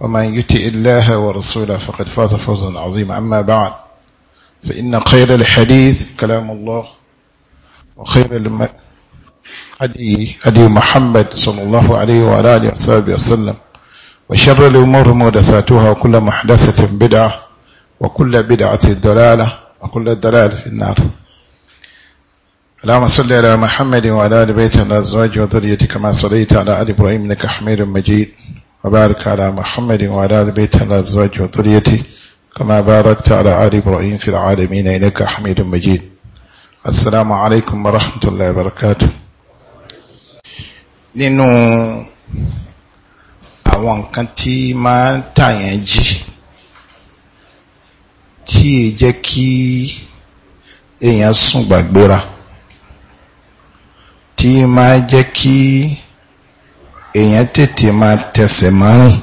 ومن يتئ الله ورسوله فقد فاز فوزا عظيما أما بعد فإن خير الحديث كلام الله وخير المد هدي هدي محمد صلى الله عليه وعلى آله وصحبه وسلم وشر الأمور محدثاتها وكل محدثة بدعة وكل بدعة ضلالة وكل الضلال في النار اللهم صل على محمد وعلى آل الله الأزواج وذريتك كما صليت على آل إبراهيم إنك حميد مجيد وبارك على محمد وعلى آل بيت الأزواج وذريته كما باركت على آل إبراهيم في العالمين إنك حميد مجيد السلام عليكم ورحمة الله وبركاته nínú àwọn nǹkan tí máa ń tàyàn jí tí è jẹ́ kí èèyàn sùn gbàgbéra tí máa jẹ́ kí èèyàn tètè máa tẹsẹ̀ máa rìn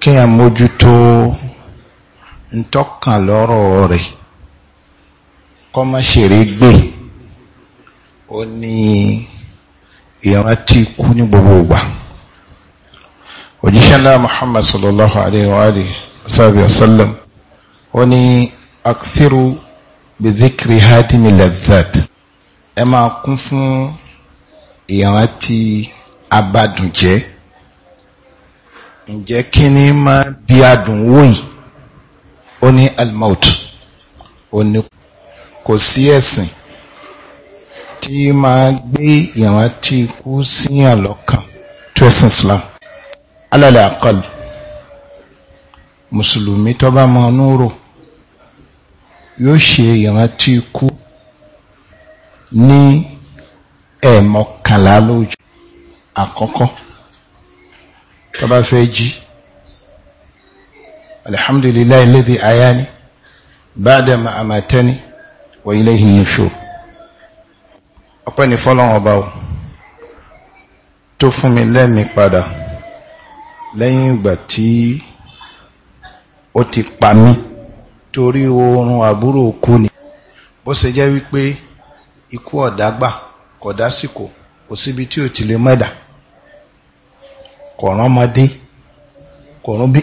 kéèyàn mójútó ntọ́kàn lọ́rọ̀ rẹ̀ kọ́mọ́ṣeré gbè ó ní ìrántí ikú ní gbogbo ìgbà òjíṣẹ́ ńlá Muhammad sallallahu alayhi wa alihi wa sallam ó ní akthiru bi dhikri hadimi lazzat ẹ máa kún fún ìrántí abadùnjẹ́ ǹjẹ́ kí ni máa bí adùn wòyí ó ní almout ó ní kò sí ẹ̀sìn tí máa gbé ìrántí ikú síyàn lọ́kàn tẹ́sán Islam alálẹ́ àkọlù mùsùlùmí tó bá mọ rò yóò ṣe ìrántí ikú ní ẹ̀ẹ̀mọ́kànlá lójú àkọ́kọ́ tó bá fẹ́ jí alhamdulillahi alladhi ayani ba'da ma amatani wa ilayhi nushur ọpẹ́ ni fọ́lọ́run ọba o tó fún mi lẹ́mìí padà lẹ́yìn ìgbà tí ó ti pa mí torí oorun àbúrò kú ni bó ṣe jẹ́ wípé ikú ọ̀dágbà kò dásìkò kò síbi tí ò ti lè mẹ́dà kò rán ọmọdé kò rán bí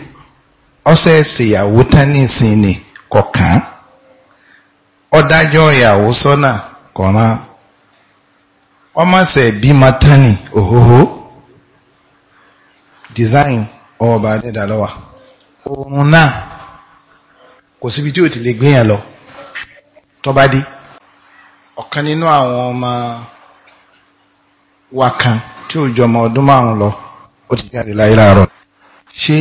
ọsẹ ṣèyàwó ni kò kàn án ìyàwó sọ́nà kò rán ọmọ bímọ tán òhòhò design ọba adédàlọ́wà oorun náà kò síbi tí ò lọ tọ́ba dé ọ̀kan nínú wa kan tí ò jọmọ ọdún márùn lọ ó ti jáde láyé láàárọ̀ ṣé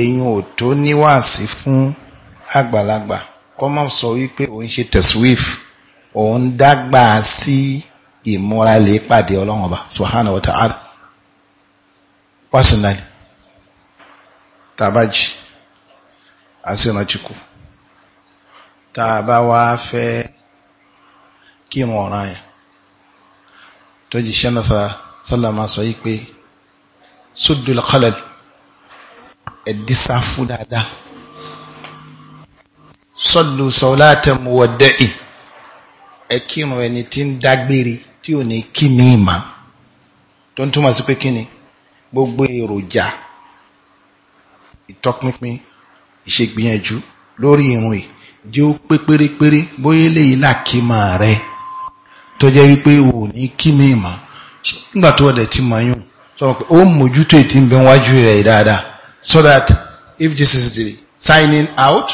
èyàn ò tó níwàásí fún àgbàlagbà kọ́ mọ̀ sọ wípé òun ṣe tẹ̀síwìf òun dágbà sí ìmúralẹ̀ pàdé ọlọ́run ọba subhanahu wa ta'ala personally tabaji asinachiku tá a fẹ́ kírun ọ̀ràn yẹn tó jí ṣẹ́ náà sọ́làmà sọ yí pé sódùlọ kọlẹ̀ ẹ̀dísá fún dáadáa sọ́lù sọ́látẹ̀mù wọ̀dẹ́ì ẹ kírun ẹni tí ń dágbére tí ò ní kí mi ìmá tó ń túmọ̀ sí pé kí ni gbogbo èròjà ìtọ́pinpin ìṣègbìyànjú lórí irun yìí jẹ́ ó pé pérépéré bóyá eléyìí làkímà rẹ̀ tó jẹ́ wípé o ní kí mi mà nígbà tó ọ̀dẹ̀ ti mọ̀ yún sọ pé ó mójútó ń bẹ wájú rẹ̀ dáadáa so that if this is the signing out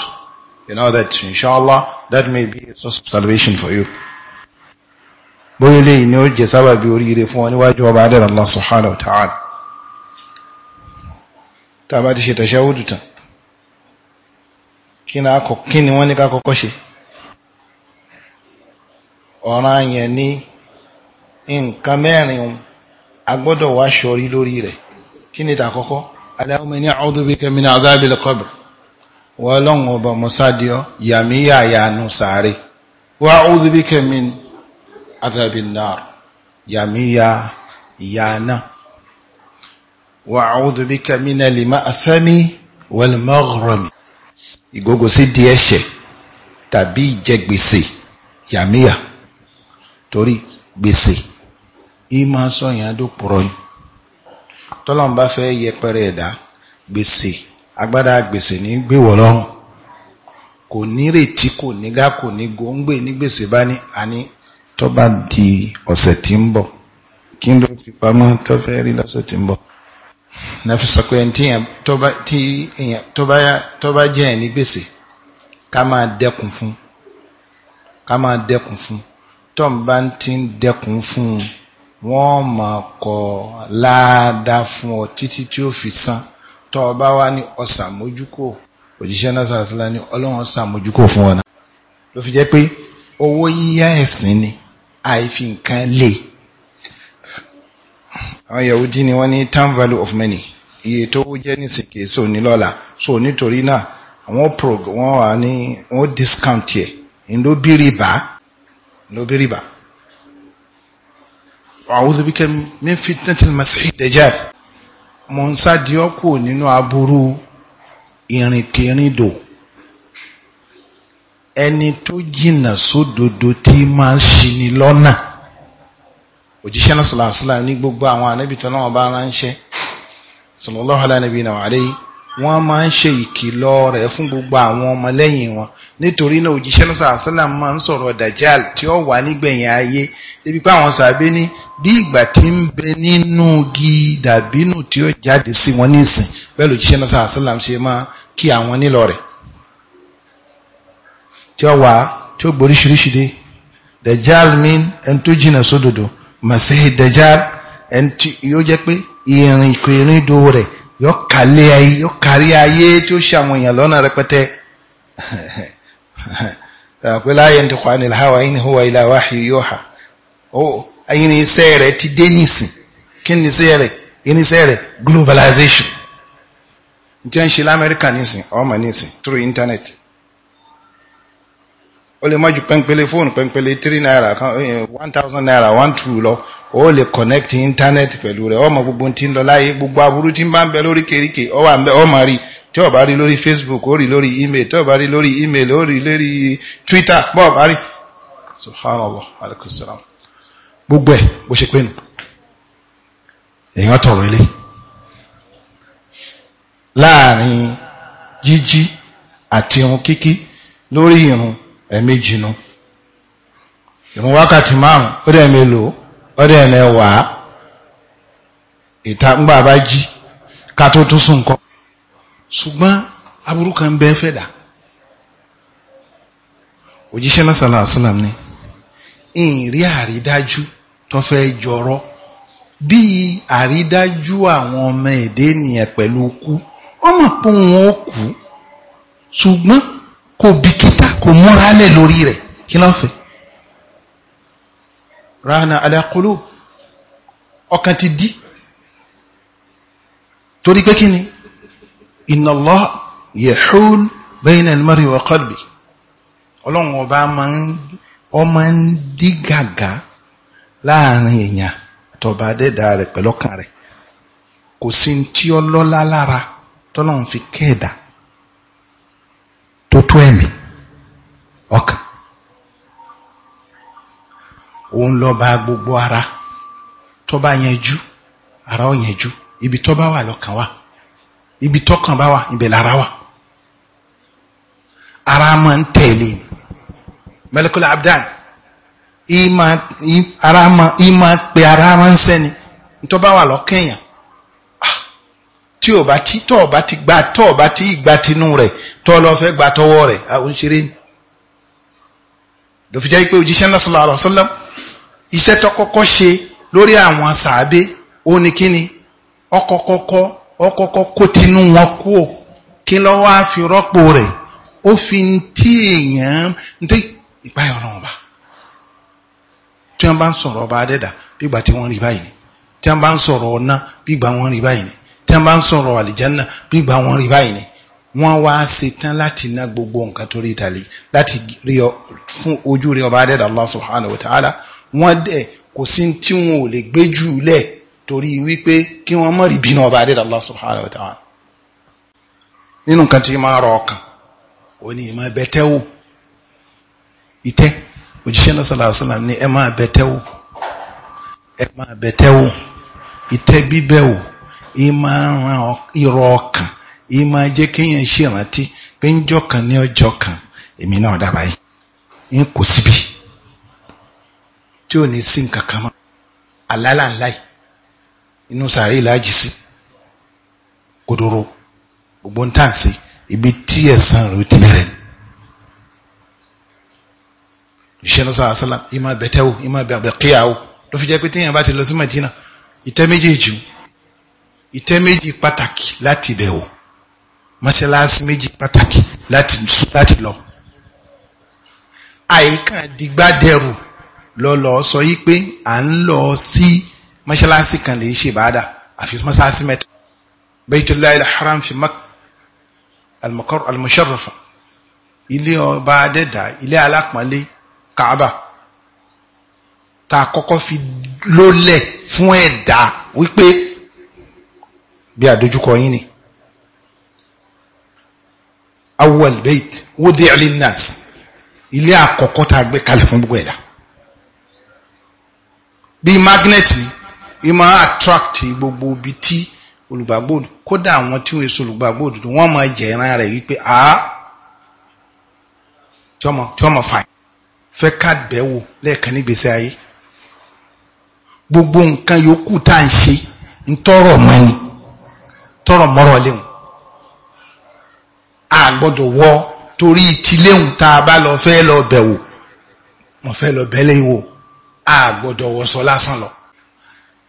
you know that inshallah that may be a source of salvation for you. bóyá eléyìí ni ó jẹ sábàbí oríire fún ọ níwájú ọba adẹ́rẹ́ Allah subhanahu wa ta'ala tá a bá ti ṣe tàṣáwùdù tán kí ni wọ́n ní ká kọ́kọ́ ṣe ọ̀ràn yẹn ní nǹkan mẹ́rin a gbọ́dọ̀ wá ṣọ́rí lórí rẹ̀ kí ni tàkọ́kọ́ Allahumma inni a'udhu bika min adhabil qabr wọ́n lọ́wọ́n ọba mọ́sádìọ́ yàmíyà yanu sáré wa a'udhu bika min adhabil nar yàmíyà yana wa a'udhu bika minal ma'thami wal tàbí ìjẹgbèsè yàmíyà torí gbèsè yìí máa sọ yẹn dó pọ̀rọ̀ yìí tọ́lọ́n bá fẹ́ yẹpẹrẹ ẹ̀dá gbèsè agbádá gbèsè ní gbéwọ̀ lọ́rùn kò nírètí kò nígá kò ní góńgbè ní gbèsè bá ní àní tó bá di ọ̀sẹ̀ tí ń bọ̀ kí ló fi pamọ́ tó fẹ́ rí lọ́sẹ̀ tí ń bọ̀ nàfi sọ pé tó bá jẹ́ ẹ̀ ní gbèsè ká máa dẹ́kun fún ká máa dẹ́kun fún tọ́m bá ń ti ń dẹkùn fún un wọ́n máa kọ láadáa fún ọ títí tí ó fi san tọ́ ọ bá wá ní ọ̀sà mójúkò òjíṣẹ́ náà sàrẹ́sílá ní ọlọ́run sàmójúkò fún ọ̀nà ló fi jẹ́ pé owó yíyá ẹ̀sìn ni àìfi nǹkan lè àwọn Yahudi ni wọ́n ní time value of money iye tó jẹ́ nísìkè sí òní lọ́la so nítorí náà àwọn prog wọ́n wà ní wọ́n discount yẹ̀ ń ló bí rìbá ló bí rìbá a'udhu bika min fitnatil masih dajjal mo ń sáàdì ọkù nínú aburú ìrìnkìrìndò ẹni tó jìnnà sódodo tí máa ń ṣini lọ́nà òjíṣẹ́ náà sallallahu alaihi wasallam ní gbogbo àwọn ànábì tó náà bá ránṣẹ́ sallallahu alaihi wa alihi wọ́n máa ń ṣe ìkìlọ̀ rẹ̀ fún gbogbo àwọn ọmọlẹ́yìn wọn nítorí náà òjíṣẹ́ náà sàásálà máa ń sọ̀rọ̀ dajjal tí ó wà nígbẹ̀yìn ayé débi pé àwọn sàbẹ̀ ní bí ìgbà tí ń bẹ nínú igi dàbínù tí ó jáde sí wọn nísìn bẹ́ẹ̀ lòjíṣẹ́ náà sàásálà ṣe máa kí àwọn nílọ rẹ̀ tí ó wà tí ó gboríṣiríṣi dé dajjal mean ẹni tó jìnnà sódodo màsíhì dajjal ẹni tí yóò jẹ́ pé ìrìn ìkò ìrìn ìdó rẹ̀ yóò kárí ayé tí ó ṣe àwọn èèyàn lọ́nà rẹpẹtẹ pé la yantiqu anil hawa in huwa illa wahyu yuha ó irinṣẹ́ rẹ̀ ti dé nìsín kí ni iṣẹ́ rẹ̀ irinṣẹ́ rẹ̀ globalization n tí wọ́n ń ṣe lamẹ́ríkà through internet ó lè mọ́jú pẹ́ńpẹ́lẹ́ fóònù pẹ́ńpẹ́lẹ́ three naira eh, one thousand naira one two lọ ó lè connect internet pẹ̀lú rẹ̀ ọmọ gbogbo tí ń lọ láyé gbogbo aburú tí ń bá ń bẹ lóríkèéríkèé ó wà ń bẹ ọmọ rí tí ó rí lórí facebook ó rí lórí email tí ó rí lórí email ó rí lórí twitter bọ́ọ̀ bá rí subhanallah alaikum salam gbogbo ẹ̀ bó ṣe pé nù èèyàn tọ̀rọ̀ ilé láàrin jíjí àti irun kíkí lórí irun ẹ̀mí jìnnú irun wákàtí márùn-ún ó dẹ̀ mélòó ọdẹ ẹ̀ náà wà á ìta ńgbà bá jí ká tó tún sùn kọ́ ṣùgbọ́n aburú kan bẹ́ẹ̀ fẹ́ ni ìrì àrídájú tó fẹ́ jọrọ bí àrídájú àwọn ọmọ èdè nìyẹn pẹ̀lú kú ọmọ pé wọn ó kú ṣùgbọ́n ráhánà aláàkóló ọkàn ti dí torí pé kí ni inna Allah yahul bayna al-mar'i wa qalbi ọlọ́run ọba ọmọ ń dí gàgà láàrin èèyàn àtọba adẹ́dà rẹ̀ pẹ̀lọ́kàn rẹ̀ kò sí tí ó lọ́lá lára tọ́lọ́run fi kẹ́ẹ̀dá tó tó ẹ̀mí ọkàn òun lọ́ba gbogbo ara tó bá yanjú ara ó yanjú ibi tó bá wà lọ́kàn wà ibi tọ́kàn bá wà ibẹ̀ lára wà ara máa ń tẹ̀lé mẹlẹkùlẹ abdan ara máa pe ara ránṣẹ́ ni tó bá wà lọ́kàn yàn ah, tí o bá ti tọ́ ọ bá ti gba tọ́ ọ bá ti gba tinú rẹ̀ tọ́ lọ fẹ́ gba tọwọ́ rẹ̀ àwọn òṣèré ni lọ́fíjà yìí pé òjíṣẹ́ ńlá sallallahu alaihi wasallam iṣẹ́ tó kọ́kọ́ ṣe lórí àwọn sàábé ó ní kíni ọkọ̀kọ́kọ́ ọkọ̀kọ́ kó tinú wọn kúò kí ló wá fi rọ́pò rẹ̀ ó fi ń tí èèyàn ń tí ìpáyà ọlọ́run ọba tí wọ́n bá ń sọ̀rọ̀ ọba adẹ́dà bígbà tí wọ́n rí báyìí ni tí wọ́n bá ń sọ̀rọ̀ ọ̀nà bígbà wọ́n rí báyìí ni tí wọ́n bá ń sọ̀rọ̀ àlìjánà bígbà wọ́n rí báyìí ni wọ́n wá ṣetán láti ná gbogbo nǹkan tó rí ìtàlẹ̀ láti rí fún ojú rí ọba adẹ́dà Allah subhanahu wa ta'ala wọ́n dẹ̀ kò sí tí wọn ò lè gbé jù lẹ̀ torí wípé kí wọ́n mọ̀rì bínú ọba adé Allah subhanahu wa ta'ala nínú nǹkan tí máa rọ ọkàn ò ní ìmọ̀ ẹbẹ̀tẹ́ wò ìtẹ́ òjíṣẹ́ náà sallallahu alaihi wasallam ní ẹ máa bẹ̀tẹ́ wò ẹ máa bẹ̀tẹ́ wò ìtẹ́ bíbẹ̀ wò ìmọ̀ ìrọ̀ kò síbi tí ò ní sí nǹkan kan mọ́ àlálàńláì inú sàárè ìlàjì sí kodoro gbogbo ń tàn sí ibi tí ẹ̀sán rẹ̀ ti bẹ̀rẹ̀ ni ìṣẹ́nu sáà sọ́lá ìmọ̀ bẹ̀tẹ́wò ìmọ̀ bẹ̀kíyàwó ló fi jẹ́ pé téèyàn bá ti lọ sí Madina ìtẹ́ méjèèjì ìtẹ́ méjì pàtàkì láti bẹ̀wò mọ́ṣáláṣí méjì pàtàkì láti lọ àyíká dìgbà dẹrù lọ́lọ́ sọ yí pé à ń lọ sí mọ́ṣáláṣí kan lè ṣe ìbáadà àfi mọ́ṣáláṣí mẹ́ta Baytullahi al-Haram fi Makka al-Musharrafa ilé ọba adẹ́dà ilé alápọ̀nlé Kaaba tá a kọ́kọ́ fi lólẹ̀ fún ẹ̀dá wípé bí àdójúkọ yín ni awwal bayt wudi'a lin-nas ilé àkọ́kọ́ tá a gbé kalẹ̀ fún gbogbo ẹ̀dá bíi magnet ni ìmọ̀ attract gbogbo ibi tí olùgbàgbọ́ òdù kódà àwọn tí wọ́n èso olùgbàgbọ́ òdù wọ́n máa jẹ ìran rẹ̀ wípé a tí wọ́n mọ̀ fà fẹ́ kàbẹ̀wò lẹ́ẹ̀kan nígbèsè ayé gbogbo nǹkan yòókù tá à ń ṣe ń tọrọ mọ́ ni tọrọ mọ́rọ̀ léwu a gbọ́dọ̀ wọ torí ti léwu tá a bá lọ fẹ́ lọ bẹ̀wò mo fẹ́ lọ bẹ́lẹ̀ wò a gbọ́dọ̀ wọṣọ lásán lọ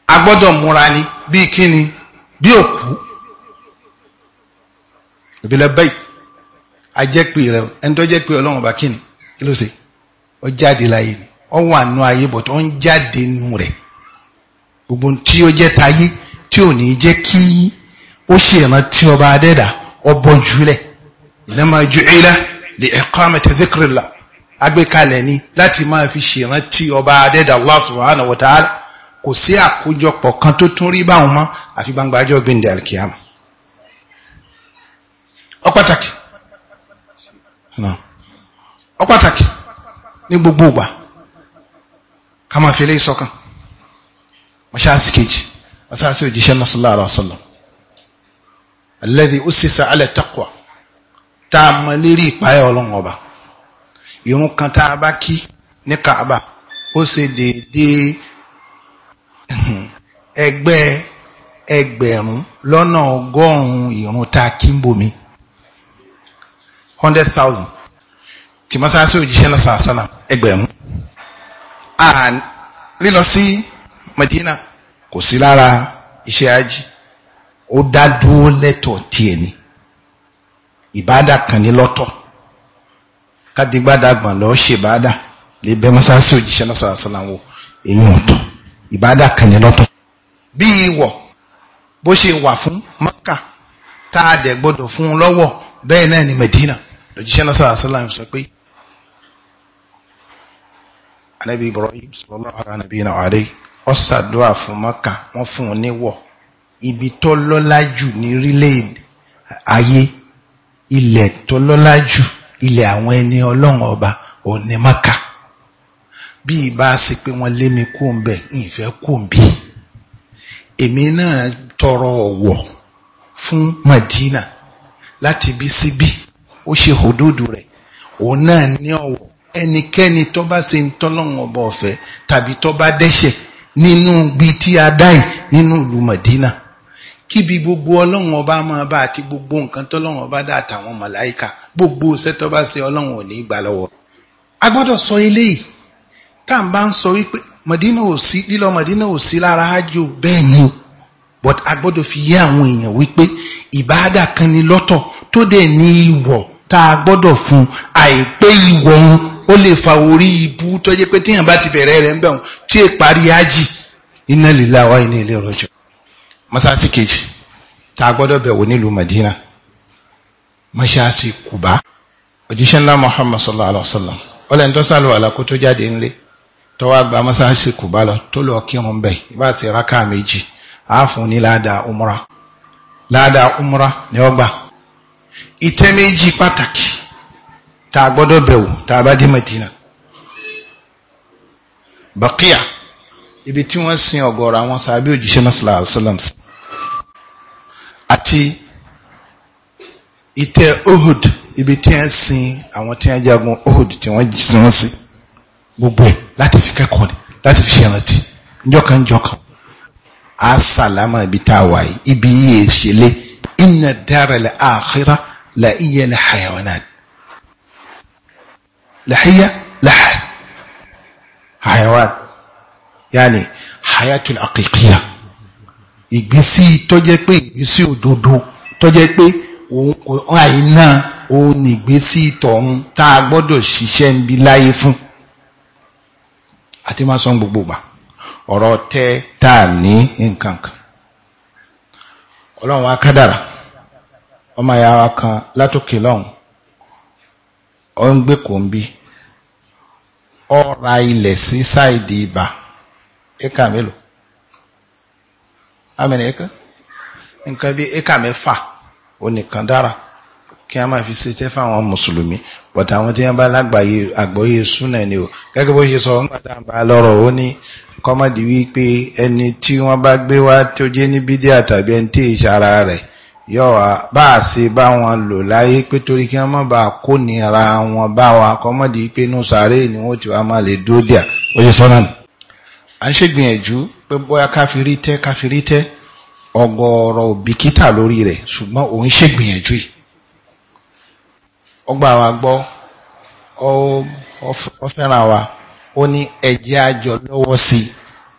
a gbọ́dọ̀ múra ni bíi kíni bí òkú ìbílẹ̀ bẹ́ẹ̀ ajẹ́pè rẹ ẹni tó jẹ́ pé ọlọ́run bá kíni kí ló ṣe ọ jáde láyé ni ọ wà nù ayé bọ̀ tó ń jáde nù rẹ̀ gbogbo tí ó jẹ́ tayé tí ò ní jẹ́ kí ó ṣe ìrántí ọba adẹ́dà ọbọ̀ jùlẹ̀ innama ju'ila li iqamati dhikrillah agbékalẹ̀ ni láti máa fi ṣèrántí ọba adẹ́dà Allah subhanahu wa ta'ala kò sí àkójọpọ̀ kan tó tún rí báwọn mọ́ àfi gbangba ajọ́ gbẹ̀ndẹ̀ alikiyama ọ pàtàkì ọ pàtàkì ní gbogbo ìgbà ká máa fi eléyìí sọ́kàn mọ́ṣáàsì kejì mọ́ṣáàsì òjíṣẹ́ náà sallallahu alaihi wasallam alladhi ussisa ala taqwa tá a mọ lérí ìpáyà ọlọ́run ọba irun kan tá a bá kí ní kaaba ó ṣe déédéé ẹgbẹ́ ẹgbẹ̀rún lọ́nà ọgọ́rùn-ún irun tá a kí ń bomi hundred thousand tí mọ́sáàsì òjíṣẹ́ náà sàásánà ẹgbẹ̀rún lílọ sí Medina kò sí lára iṣẹ́ ajé ó dá dúró lẹ́tọ̀ọ́ tiẹ̀ ni ìbádà kan ní lọ́tọ̀ọ́ kádìgbàdàgbọ̀n lọ ṣe ìbáàdà lè bẹ́ mọ́sáàsì òjíṣẹ́ náà sọ̀rọ̀ sọ̀rọ̀ àwọn èyí ọ̀tọ̀ ìbáàdà kànyẹ́ lọ́tọ̀. bí ìwọ̀ bó ṣe wà fún Mẹ́kà tá a dẹ̀ gbọ́dọ̀ fún un lọ́wọ́ bẹ́ẹ̀ náà ni Medina lójíṣẹ́ náà sọ̀rọ̀ sọ̀rọ̀ sọ pé anabi Ibrahim sallallahu ala nabiyina wa alayhi ó ṣàdúrà fún Mẹ́kà wọ́n fún un níwọ̀ ibi tó lọ́lá jù ní orílẹ̀ ayé ilẹ̀ tó lọ́lá jù ilẹ̀ àwọn ẹni ọlọ́run ọba òní maka bí ìbá ṣe pé wọ́n lé mi kó ń ìfẹ́ kó ń bí èmi náà tọrọ ọ̀wọ̀ fún Madina láti bí síbí ó ṣe hòdòdó rẹ̀ òun náà ní ọ̀wọ̀ ẹnikẹ́ni tó bá ṣe ń tọ́lọ́run ọba ọ̀fẹ́ tàbí tó bá dẹ́ṣẹ̀ nínú gbi tí a dáì nínú ìlú Madina kíbi gbogbo ọlọ́run ọba máa bá àti gbogbo nǹkan tọ́lọ́run ọba dá àtàwọn màláìka gbogbo sẹ́tọ́ bá ṣe ọlọ́run ò ní gbà lọ́wọ́ a gbọ́dọ̀ sọ eléyìí tá à ń bá ń sọ wípé mọ̀dínà ò sí lílọ mọ̀dínà ò sí lára ájò bẹ́ẹ̀ ni o but a gbọ́dọ̀ fi yé àwọn èèyàn wípé ìbáàdà kan ni lọ́tọ̀ tó dẹ̀ ní ìwọ̀ tá a gbọ́dọ̀ fún àìpé ìwọ̀ òun ó lè fa orí ibú tó jẹ́ pé téèyàn bá ti bẹ̀rẹ̀ rẹ̀ ń bẹ̀ òun tí è parí ájì inna lillahi wa inna ilaihi raji'un mọ́sáàsì kejì tá a gbọ́dọ̀ bẹ̀wò nílùú mọ̀dínà mọ́ṣáàsì kùbá òjíṣẹ́ ńlá Muhammad sallallahu alaihi wasallam ọlẹ́ni tó sálọ àlàkó tó jáde ńlé tó wá gba mọ́ṣáàsì kùbá lọ tó lọ kírun bẹ́ẹ̀ ìbá ti rákà méjì àáfún ní ládàá umra ládàá umra ni ó gbà ìtẹ́ méjì pàtàkì tá a gbọ́dọ̀ bẹ̀wò tá a bá dé Madina Baqiya ibi tí wọ́n sin ọ̀gọ̀rọ̀ àwọn sàbí òjíṣẹ́ náà sallallahu alaihi àti ìtẹ́ Uhud ibi tí wọ́n sin àwọn tí wọ́n jagun Uhud tí wọ́n sin wọ́n sí gbogbo ẹ̀ láti fi kẹ́kọ̀ọ́ ni láti fi ṣèrántí njọ́kan njọ́kan a sàlámà ibi tá a wà yìí ibi yìí ṣẹlẹ̀ inna dara la akhira la iye la hayawanat lahiya lahay hayawan yaani hayatul aqiqiya ìgbésí tó pé ìgbésí òdodo tó pé. àìná òun nìgbésí ìtọ̀run tá a gbọ́dọ̀ ṣiṣẹ́ ń bi láyé fún àti máa sọ gbogbo gbà ọ̀rọ̀ tẹ́ tá a ní nǹkan kan ọlọ́run wa ọmọ ìyá wa kan látòkè lọ́hùn ọ ń gbé kò ń bí ọ ra ilẹ̀ sí sáìdì ibà éka mélòó nǹkan bí mẹ́fà. ó nìkan dára kí a máa fi ṣetẹ́ fáwọn mùsùlùmí bọ̀tà àwọn tí wọ́n bá lágbàáyé àgbọ́yé súnà ni o gẹ́gẹ́ bó ṣe sọ ń gbàdá bá lọ́rọ̀ ó ní kọ́mọ̀dì wípé ẹni tí wọ́n bá gbé wá tó jẹ́ ní bídíà tàbí ẹni tí ì rẹ̀ yọ̀wá bá a ṣe bá wọn lò láyé pé torí kí wọ́n má bàa kó nira wọn bá wa kọ́mọ̀dì wípé inú sàárè ni wọ́n ti wá máa lè dúró díà ó ṣe sọ́nà nù. à ń ṣègbìyànjú pé bóyá káfírí tẹ́ káfírí tẹ́ ọgọ́rọ̀ òbíkítà lórí rẹ̀ ṣùgbọ́n òun ṣègbìyànjú yìí ọgbà wa gbọ́ ọ fẹ́ràn wa ó ní ẹ̀jẹ̀ àjọ lọ́wọ́ sí i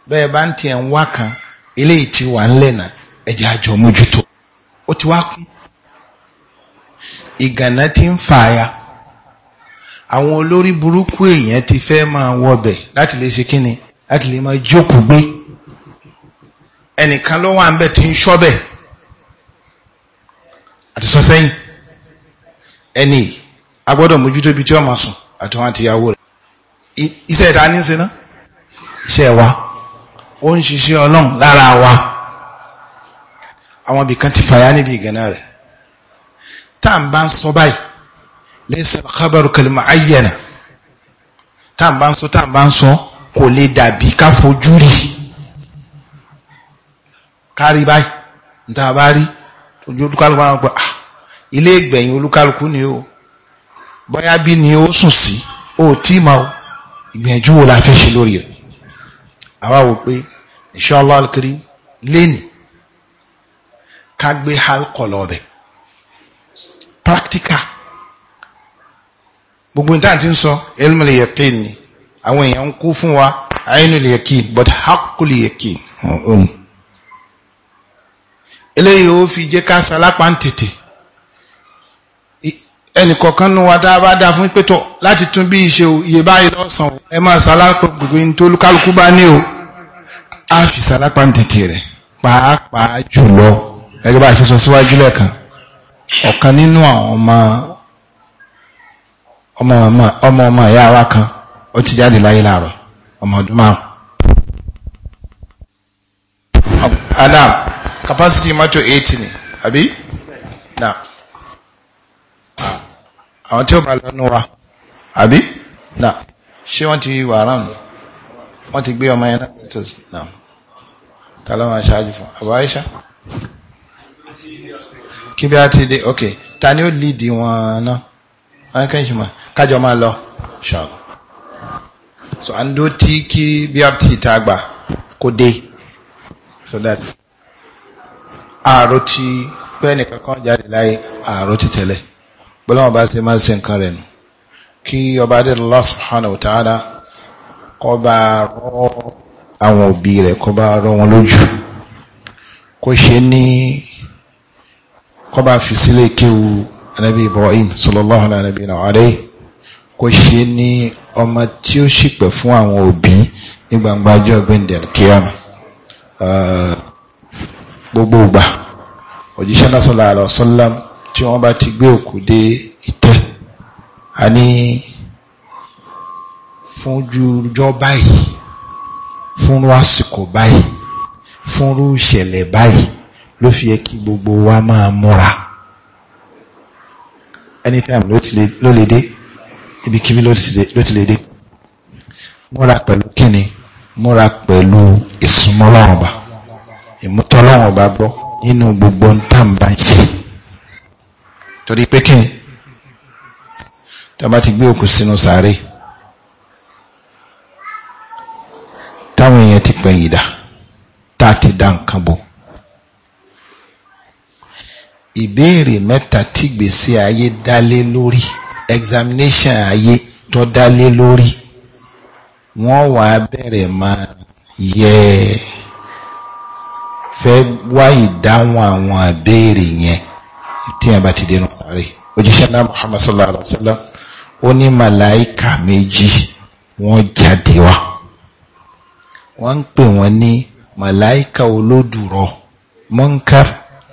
bẹ́ẹ̀ bá ń tiẹ̀ ń wá kan eléyìí ti wà ńlẹ̀ náà ẹ̀jẹ̀ àjọ mójútó ó ti wá kún ìgànnà ti ń fà ya àwọn olórí burúkú èèyàn ti fẹ́ máa wọbẹ̀ láti lè ṣe kíni láti lè máa jókòó gbé ẹnìkan ló wà ń bẹ̀ tí ń ṣọ́bẹ̀ àti sọ sẹ́yìn ẹni a gbọ́dọ̀ mójútó ibi tí ó máa sùn àti wọn àti ìyàwó rẹ̀ iṣẹ́ ìta ní sinú iṣẹ́ wa ó ń ṣiṣẹ́ ọlọ́run lára wa àwọn ibìkan ti fàyà níbi ìgànnà rẹ̀ tá à ń bá ń sọ báyìí laysa al-khabaru kal-mu'ayyana tá à ń bá ń sọ tá à ń bá ń sọ kò lè dàbí ká fojú rí kárí báyìí níta bá rí ojú olúkálùkù àwọn àgbà ah, ilé ìgbẹ̀yìn olúkálùkù ni o bóyá bí ni ó sùn sí ó tí ma o ìgbìyànjú wo la fẹ́ ṣe lórí rẹ̀ àwa wò pé inshallah al-karim lẹ́nì ká gbé practical gbogbo nǹkan tí ń sọ ilmul yaqin ni àwọn èèyàn ń kú fún wa ainul yaqin but haqqul yaqin. Mm -hmm eléyìí ó fi jẹ́ ká sálápá ń tètè ẹnìkọ̀ọ̀kan nu wa tá a bá dá fún pétọ̀ láti tún bí iṣẹ́ o iye báyìí lọ́sàn o ẹ máa sálápá gbogbo ní tó kálukú bá ní o á fi sálápá ń tètè rẹ̀ pàápàá jùlọ gẹ́gẹ́ bá a ṣe sọ síwájú lẹ́ẹ̀kan ọ̀kan nínú àwọn ọmọ ọmọ ọmọ ọmọ ìyá wa kan ó ti jáde láyé láàárọ̀ ọmọ ọdún márùn-ún. Adam capacity mọ́tò eighty ni àbí na àwọn tí ó máa lọ́nu wa àbí na ṣé wọ́n ti wà around wọ́n ti gbé ọmọ yẹn náà na ta ṣáájú fún àbá Aisha kí bí a ti dé ok ta ni ó lead wọn náà wọn kàn ṣe mọ kájọ máa lọ ṣọlọ so à ń dó tí kí bí a ti ta gbà kó dé so that. ààrò ti pẹ́ẹ̀nì kankan jáde láyé ààrò ti tẹ̀lẹ̀ pẹ̀lú àwọn bá ṣe máa ń ṣe nǹkan rẹ̀ nù kí ọba adédọ́lá subhanahu wa ta'ala bá rọ́ àwọn òbí rẹ̀ kó bá rọ́ wọn lójú kó ṣe ní kó bá fi sílé kéwu anabi ibrahim sallallahu alaihi wa alayhi ṣe ní ọmọ tí ó ṣìpẹ̀ fún àwọn òbí ní gbangba ọjọ́ bẹ́ndẹ̀ gbogbo ìgbà òjíṣẹ́ náà sallallahu alaihi wasallam tí wọ́n bá ti gbé òkú dé ìtẹ́ a ní fún jújọ́ báyìí fún àsìkò báyìí fún ìṣẹ̀lẹ̀ báyìí ló fi yẹ kí gbogbo wa máa múra anytime ló lè dé ibikíbi ló ti lè dé múra pẹ̀lú kíni múra pẹ̀lú ìsúnmọ́lọ́rùn-ún ìmútọ́lọ́wọ̀n ọba gbọ́ nínú gbogbo ń tà ń bá ń ṣe torí pé kí ni tọ́ba ti gbé òkú sínú sàárè táwọn èèyàn ti pẹ̀yìn dà tá a ti dá nǹkan bò ìbéèrè mẹ́ta tí gbèsè ayé dálé lórí examination ayé tó dálé lórí wọ́n wàá bẹ̀rẹ̀ máa yẹ. Yeah fẹ́ wá ìdáhùn àwọn àbẹ́ẹ̀rẹ̀ yẹn tí a bá ti dénú sáré òjíṣẹ́ náà Muhammad sallallahu alaihi wa sallam ó ní màláìka méjì wọ́n jáde wá wọ́n ń pè wọ́n ní màláìka olódùrọ̀ Munkar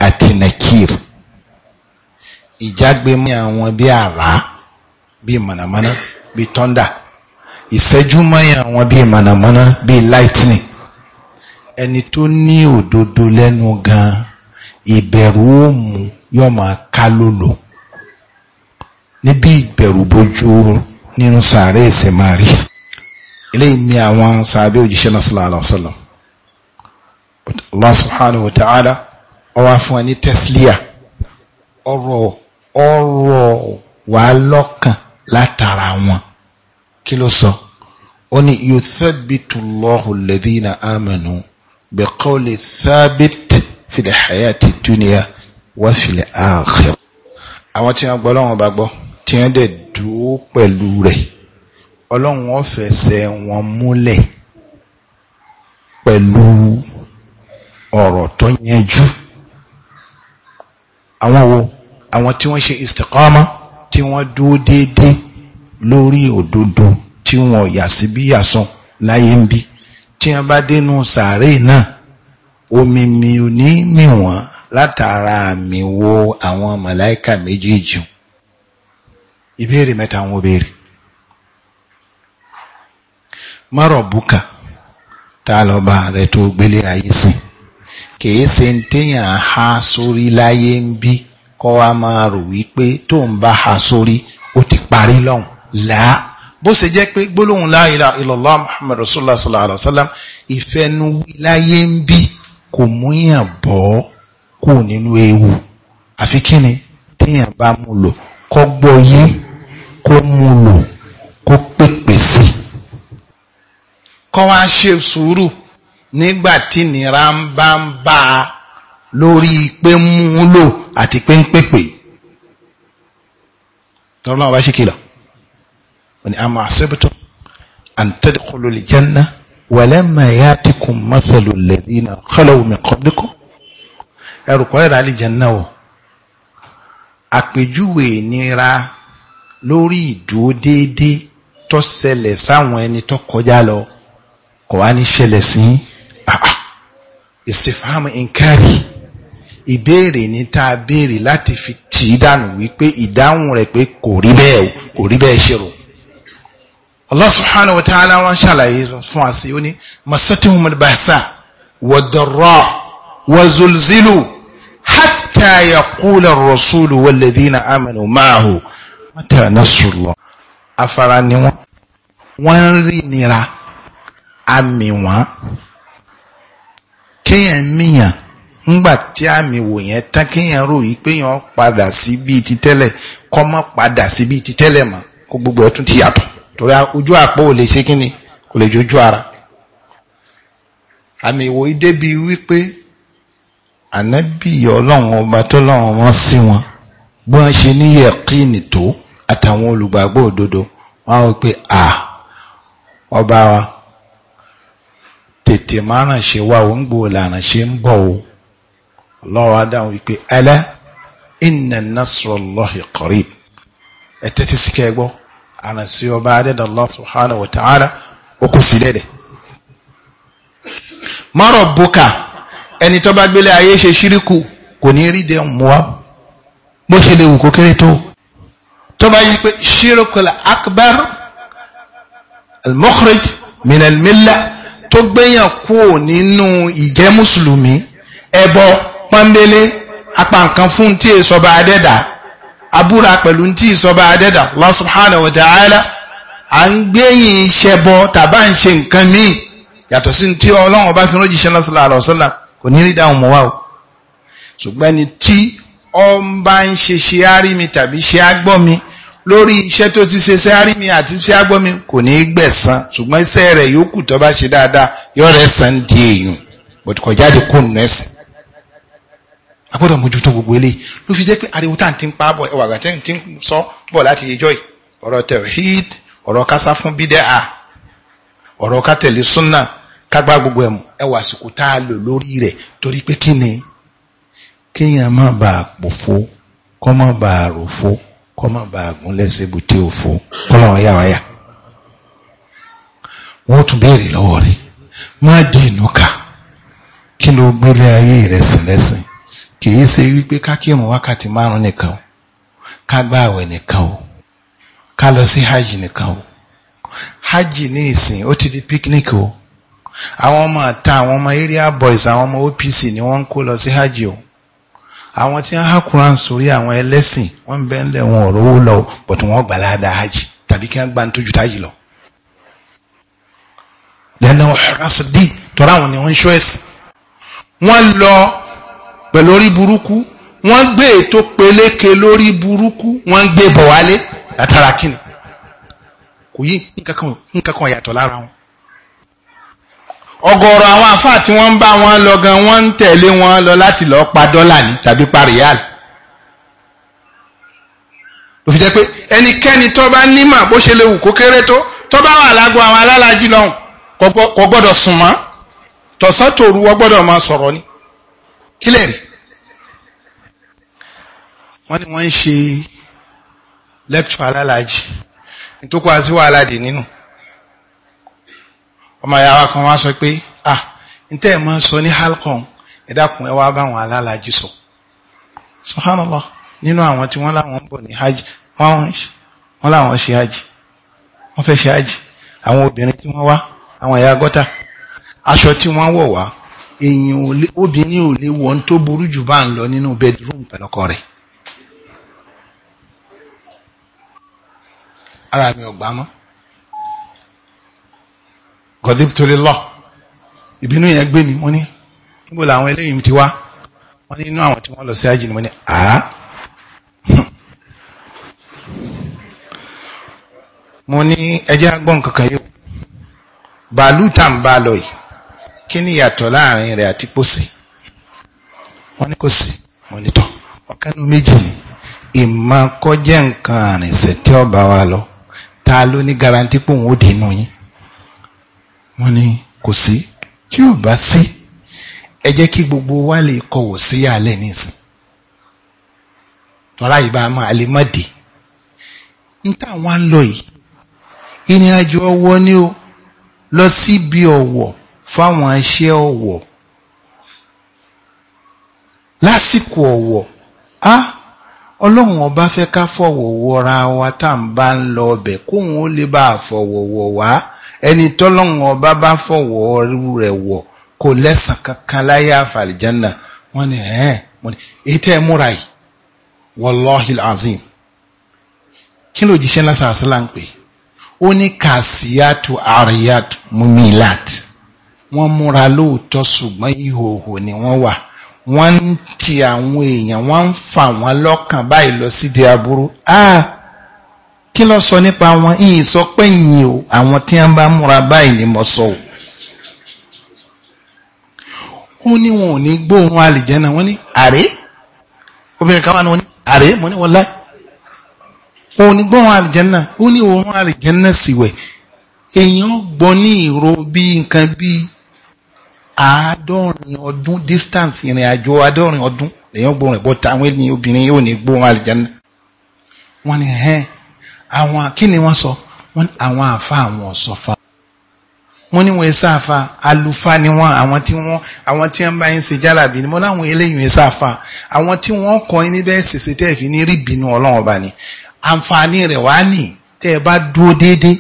àti Nakir ìjágbe mú àwọn bí àrá bí mànàmáná bí tọ́ndà ìṣẹ́jú mọ́ àwọn bí mànàmáná bí lightning ẹni tó ní òdodo lẹ́nu gan ìbẹ̀rù ó mú yóò máa ká lòlò níbi ìbẹ̀rù bójú nínú sàárẹ̀ ẹ̀sẹ̀ máa rí eléyìí ni àwọn sàábẹ́ òjíṣẹ́ náà sallallahu alaihi wasallam Allah subhanahu wa ta'ala ọwá fún ẹni tẹ́sílíà ọ̀rọ̀ ọ̀rọ̀ wà lọ́kàn látara wọn kí ló sọ ó ní yuthabbitu Allahu alladhina amanu بقول ثابت في الحياة الدنيا وفي الآخرة àwọn tí wọ́n gbọ́ ọlọ́run bá gbọ́ tí wọ́n dẹ̀ dúró pẹ̀lú rẹ̀ ọlọ́run ó fẹsẹ̀ wọn múlẹ̀ pẹ̀lú ọ̀rọ̀ tó yanjú àwọn wo àwọn tí wọ́n ṣe istiqama tí wọ́n dúró déédéé lórí òdodo tí wọ́n yà sí bí yà sàn láyé ń bí tí wọ́n bá dénú sàárè náà omi mi ò ní mì wọ́n látara mi wo àwọn màláìka méjèèjì ìbéèrè mẹ́ta wọn béèrè mọ́rọ̀ búkà tá a lọ bá rẹ̀ tó gbélé ayé sìn kìí ṣe ń téèyàn ha sórí láyé ń bí kọ́ wa máa rò wípé tó ń bá ha sórí ó ti parí lọ́hùn láà bó ṣe jẹ́ pé gbólóhùn la ilaha illallah muhammad rasulullah sallallahu alaihi wasallam ìfẹnuwí láyé ń bí kò múyàn bọ́ kù nínú ewu àfi kíni téèyàn bá mú lò kó gbọ́ yé kó mú lò kó pèpè sí kó wá ṣe sùúrù nígbà tí nira ń bá ń bá a lórí pé mú un lò àti pé ń pèpè lọ́nà ọba ṣe kìlọ̀ wọ́n ní a máa ṣẹ́bùtọ́ àǹtẹ̀dẹ̀kọ́lù lè jẹ́nà wàlẹ́mà yá ti kún mọ́tẹ̀lù lẹ́dí iná kọ́lọ́wù mi kọ́díkù ẹrù kọ́ ẹ̀rọ àlìjẹ́nà o àpèjúwe ìnira lórí ìdúró déédéé tó ṣẹlẹ̀ sáwọn ẹni tó kọjá lọ kò wá ní istifham inkari ìbéèrè ní tá a béèrè láti fi tì í dànù wípé ìdáhùn rẹ̀ pé kò rí bẹ́ẹ̀ kò rí bẹ́ẹ̀ ṣe rò Allah subhanahu wa ta'ala wọn ṣàlàyé fún àṣì ó ní masatihum albasa wadarra wazulzilu hatta yaqula rasulu walladhina amanu ma'ahu mata nasrullah afara ni wọn wọn rí nira àmì wọn kéèyàn míyàn ńgbà tí àmì wò yẹn tán kéèyàn rò yí pé yàn padà sí bíi ti tẹ́lẹ̀ kọ́ mọ́ padà sí bíi ti mọ́ kó gbogbo ẹ̀ tún ti yàtọ̀ torí ojú àpò ò lè ṣe kí ni kò lè jójú ara àmì ìwòye débi wípé ànábì ọlọ́run ọba tó lọ́run wọn sí wọn bí wọ́n ṣe ní yẹ̀kíìnì tó àtàwọn olùgbàgbọ́ òdodo wọ́n á pé à ọba wa tètè máa ṣe wá o gbò lànà ṣe ń bọ̀ o ọlọ́run adáhùn wípé ala inna nasrallahi qarib ẹ tẹ́tí sí gbọ́ àrànsí ọba adẹ́dà Allah subhanahu wa ta'ala ó kò sí dẹ́dẹ̀ mọ́rọ̀ bùkà ẹni tó bá gbélé ayé ṣe ṣíríkù kò ní rí dẹ̀ mú wa bó ṣe lè wù kó kéré tó tó bá yí pé akbar al-mukhrij min al-milla tó gbéyàn kúrò nínú ìjẹ́ mùsùlùmí ẹbọ pọ́nbélé apá nǹkan fún tí èso bá adẹ́dà abúra pẹ̀lú tí ìsọba adẹ́dà Allah subhanahu wa ta'ala à ń gbẹ̀yìn iṣẹ́ bọ tàbá ń ṣe nǹkan míì yàtọ̀ sí tí ọlọ́run bá fi rán jíṣẹ́ náà sallallahu alaihi wasallam kò ní rí dáhùn mọ́ wa o ṣùgbọ́n ni tí ọ bá ń a gbọ́dọ̀ mójútó gbogbo eléyìí ló fi jẹ́ pé ariwo tá à ń ti ń pa bọ̀ ẹwà àgbàtẹ́ ń ti ń sọ bọ̀ láti ìjọ́ yìí ọ̀rọ̀ tawhid ọ̀rọ̀ kásá fún bídẹ́à ọ̀rọ̀ ká tẹ̀lé súnà ká gbá gbogbo ẹ̀mù ẹwà àsìkò tá a lò lórí rẹ̀ torí pé kí ni kéèyàn má bàa pòfo kọ́ má bàa ròfo kọ́ má bàa gún lẹ́sẹ̀ bùté òfo kọ́ làwọn yà wáyà wọ́n tún béèrè lọ́wọ́ rẹ̀ má dé ìnú ká kí ló gbélé ayé rẹ̀ sìn lẹ́sìn Kì í ṣe wípé ká kírun wákàtí márùn nìkan o ká gba àwẹ̀ nìkan o ká lọ sí hajj nìkan o hajj ní ìsìn ó ti di picnic o àwọn ọmọ àta àwọn ọmọ area boys àwọn ọmọ OPC ni wọ́n ń kó lọ sí hajj o àwọn tí wọ́n há Quran àwọn ẹlẹ́sìn wọ́n ń bẹ́ ń lẹ̀ wọn òróró lọ bọ̀ wọn wọ́n gbà ládàá hajj tàbí kí wọ́n gbà ń tójú táyì lọ. lẹ́nu ọ̀rọ̀ sọ̀dí tọ́ra àwọn ni wọ́n ń ṣọ́ ẹ̀sìn wọ́n lọ pẹ̀lú orí burúkú wọ́n gbé ètò peléke lórí burúkú wọ́n gbé bọ̀ wálé látara kíni kò yí nǹkan kan yàtọ̀ lára wọn ọ̀gọ̀rọ̀ àwọn àfáà tí wọ́n ń bá wọn lọ gan wọ́n ń tẹ̀lé wọn lọ láti lọ pa dọ́là ní tàbí pa rìal ló fi jẹ́ pé ẹnikẹ́ni tó bá nímọ̀ bó ṣe lè wù kó kéré tó tó bá wà lágbo àwọn alálàájì lọ́hùn kò gbọ́dọ̀ sùn mọ́ tọ̀sán tòru wọ́n gbọ́dọ̀ máa sọ̀rọ̀ ni kílẹ̀ rí wọ́n ní wọ́n ń ṣe lẹ́kṣọ̀ alálàájì nítorí wá sí wàhálà dì nínú ọmọ ìyá kan wá sọ pé ah ntẹ́ ẹ̀ máa sọ ní halcon ẹ dákun ẹ wá báwọn alálàájì sọ subhanallah nínú àwọn tí wọ́n láwọn ń bọ̀ ní hajj wọ́n láwọn ṣe hajj wọ́n fẹ́ ṣe hajj àwọn obìnrin tí wọ́n wá àwọn ẹ̀yà gọ́tà aṣọ tí wọ́n wọ̀ wá èyàn ò lè obìnrin ò lè wọ́n tó burú jù bá ń lọ nínú bedroom pẹ̀lọ́kọ rẹ̀ ara mi ò gbá mọ́ gọ̀díp torí lọ ìbínú yẹn gbé ni mo ní níbo làwọn eléyìí ti wá wọ́n ní inú àwọn tí wọ́n lọ sí àjì ni mo mo ní ẹjẹ́ agbọ́n kankan yìí bàálù tá lọ yìí kí ni ìyàtọ̀ láàrin rẹ̀ àti pósí wọ́n ní kò sí mọ́nítọ̀ ọ̀kánú méjì ni ìmọ̀ nǹkan àrìnsẹ̀ tí ó bá wa lọ ta ló ní garanti pé òun ó dé inú yín wọ́n ní kò sí tí ò bá sí ẹ jẹ́ kí gbogbo wa lè kọ̀wọ̀ sí alẹ́ nísìn tọ́lá yìí bá máa lè má dé ní táwọn á lọ yìí ìrìn àjò ọwọ́ ni ó lọ síbi ọ̀wọ̀ fáwọn iṣẹ́ ọ̀wọ̀ lásìkò ọ̀wọ̀ á ọlọ́run ọba fẹ́ ká fọ̀wọ̀ wọra wa tá à ń bá ń lọ ọbẹ̀ kóun ó lè bá àfọ̀wọ̀ wọ̀ wá ẹni tọ́lọ́run ọba bá fọ̀wọ̀ rẹ̀ wọ̀ kò lẹ́sàn kankan láyé àfàlìjánà wọ́n ní ẹ̀ẹ́n wọ́n ní èyí tẹ́ ẹ múra yìí wọ́lọ́hìl azim kí ló jíṣẹ́ lásàásílà ń pè ó ní kàṣíyàtù àríyàtù mumilat wọ́n múra lóòótọ́ ṣùgbọ́n ìhòòhò ni wọ́n wà wọ́n ń ti àwọn èèyàn wọ́n ń fà wọ́n lọ́kàn báyìí lọ sídìí aburú ah kí ló sọ nípa wọn ìyìn sọ pé yìnyín o àwọn tí wọ́n bá múra báyìí ni mo sọ o ó ní wọn ò ní gbóòórùn àlìjẹ́nà wọ́n ní àrè obìnrin kan wà wọn ní àrè mo ní wọn láì wọn ní gbóòórùn àlìjẹ́nà ó ní òórùn àlìjẹ́nà sì wẹ̀ èèyàn gbọ́ ní ìró bí nǹkan bíi àádọ́rin ọdún distance ìrìn àjò àádọ́rin ọdún lèyàn gbóhùn rẹ̀ bọ́ta àwọn ènìyàn obìnrin yóò ní gbóhùn àlìjáná wọ́n ní ẹ̀ àwọn kí ni wọ́n sọ wọ́n ní àwọn àfa àwọn ọ̀sọ́fà wọ́n ní wọ́n ẹ sáfa alufa ni wọ́n àwọn tí wọ́n àwọn tí wọ́n bá yín ṣe jálàbí ni mo láwọn eléyìí ẹ sáfa àwọn tí wọ́n kọ́ yín níbẹ̀ ṣèṣe tẹ́ẹ̀ fi ní rí ìbínú ọlọ́run ọba ni àǹfààní rẹ̀ wá nì tẹ́ ẹ bá dúró déédéé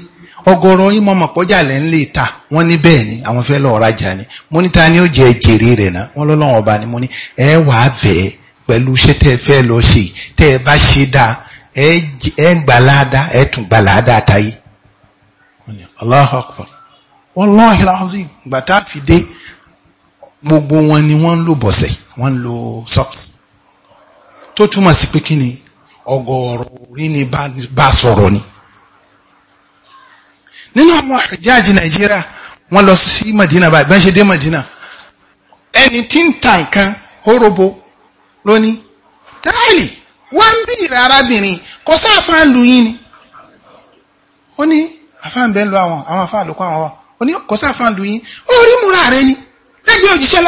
ọ̀gọ̀rọ̀ yín mọ mọpọjà lẹ ń lè ta wọn ní bẹ́ẹ̀ ni àwọn fẹẹ lọọ rajà ni mo ní ta ni ó jẹ jèrè rẹ náà wọn lọlọrun ọba ni mo ní ẹ wà á bẹ́ẹ̀ pẹ̀lú iṣẹ́ tẹ fẹ lọ ṣe tẹ ẹ bá ṣe dáa ẹ gbà láàdá ẹ tún gbà láàdá táyé Allahu Akbar wallahi alazim gbàtà fi dé gbogbo wọn ni wọ́n ń lò bọ̀sẹ̀ wọ́n ń lò socks tó túmọ̀ sí pé kí ni ọgọ́rọ̀ orí ni bá sọ̀rọ̀ ni nínú àwọn àjáàjì nàìjíríà wọ́n lọ sí madina báyìí bẹ́ẹ̀ ṣe dé madina ẹni tí ń ta nǹkan horobo lónìí táìlì wá ń arábìnrin kò ni ó ní àfáà àwọn àwọn àfáà àwọn wa ó ní kò sáfà ń lu yín ó múra rẹ ni òjíṣẹ́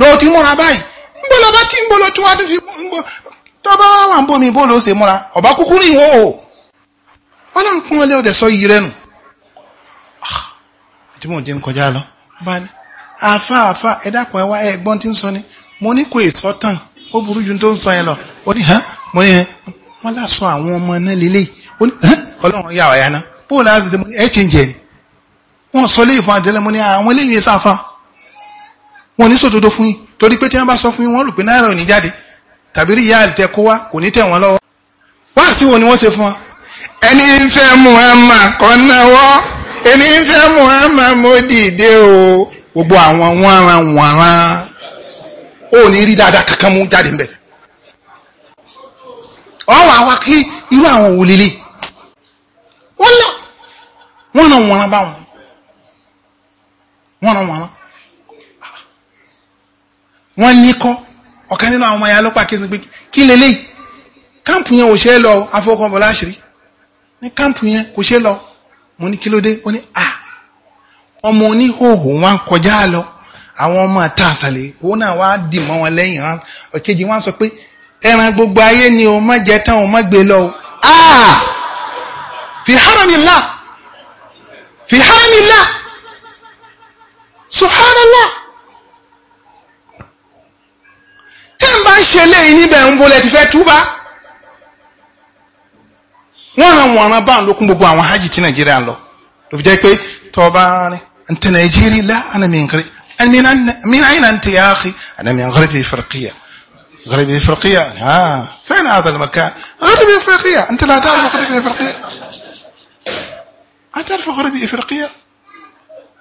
lọ́wọ́ ti múra báyìí ń bọ́ lọ́ba tí ń bọ́ lọ tí wàá fi ń bọ́ tọ́ba wà wà ń bọ́ mi múra ọ̀bá kúkú ní o wọ́n náà ń pọ́n lé sọ yìí rẹ́nu tí mò ń ti ń kọjá lọ bá ní àfa àfa ẹ dákun ẹ wá ẹ gbọ́n tí ń sọ ni mo ní kò èso tán ó burú ju tó ń sọ yẹn lọ ó ní hàn mo ní hàn wọn lásọ àwọn ọmọ náà lélẹ̀ ó ní hàn ọlọ́run yà ọ̀yà náà bó láti ṣe mo ní ẹ ṣe ń jẹ ni wọn sọ léyìí fún àdélé mo ní àwọn eléyìí sáfa wọn ní sòdodo fún yín torí pé tí wọn bá sọ fún yín wọn rò pé náírà ò ní jáde tàbí rí ìyá àlùtẹ èmi ń fẹ́ muhammad mo dìde o gbogbo àwọn wọ́nran wọ́nran ó ní rí dáadáa kankan mú jáde ń bẹ̀ ọ̀rọ̀ àwa kí irú àwọn òwúlélẹ̀ wọ́n lọ wọ́n ràn wọ́nran báwọn wọ́n ràn wọ́nran wọ́n ní kọ́ ọ̀kan nínú àwọn ọmọ ya ló pa kí n pé kí lélẹ́yìí káàmpù yẹn ò ṣe é lọ afọkànbọ̀ láṣìírí ní káàmpù yẹn kò ṣe é lọ mo ní kí ló dé ó ní à ah, ọmọ oníhòòhò wa ń kọjá lọ àwọn ọmọ àta àsàlẹ̀ òun náà wá dì mọ́ wọn lẹ́yìn wọn ọ̀kejì wọn sọ pé ẹran gbogbo ayé ni o má jẹ tán o má gbé lọ o ah fi haramillah fi haramillah subhanallah tẹ́ ń bá ń ṣe léyìn níbẹ̀ ń bolẹ̀ ti fẹ́ túbá. wọ́n ràn wọ́n ràn bá ń lókun gbogbo àwọn hajj tí nàìjíríà lọ tó fi jẹ́ pé tọ́ba ntẹ nàìjírí la ana mi nkiri náà aina ntẹ ya akhi ana mi gharibi ifraqiya gharibi ifraqiya ha fẹ́ẹ̀ni àdàlù maka gharibi ifraqiya ntẹ bi dáhùn gharibi ifraqiya ntẹ la gharibi ifraqiya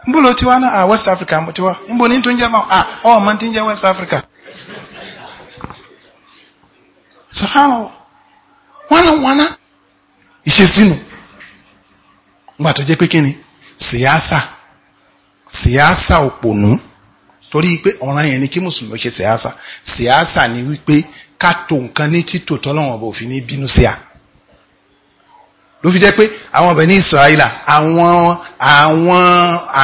mbolo tiwa na a west africa tiwa mbo ni tun ma a ọ man tin jẹ west africa subhanallah wana wana ìṣesínú nígbà tó jẹ́ pé kí ni síyáṣà síyáṣà òpònú torí pé ọ̀ràn yẹn ni kí mùsùlùmí ṣe síyáṣà síyáṣà ni wípé ká tó nǹkan ní títò tọ́lọ́wọ̀n bò fi ní bínú sí à ló fi jẹ́ pé àwọn ọbẹ̀ ní Israẹla àwọn àwọn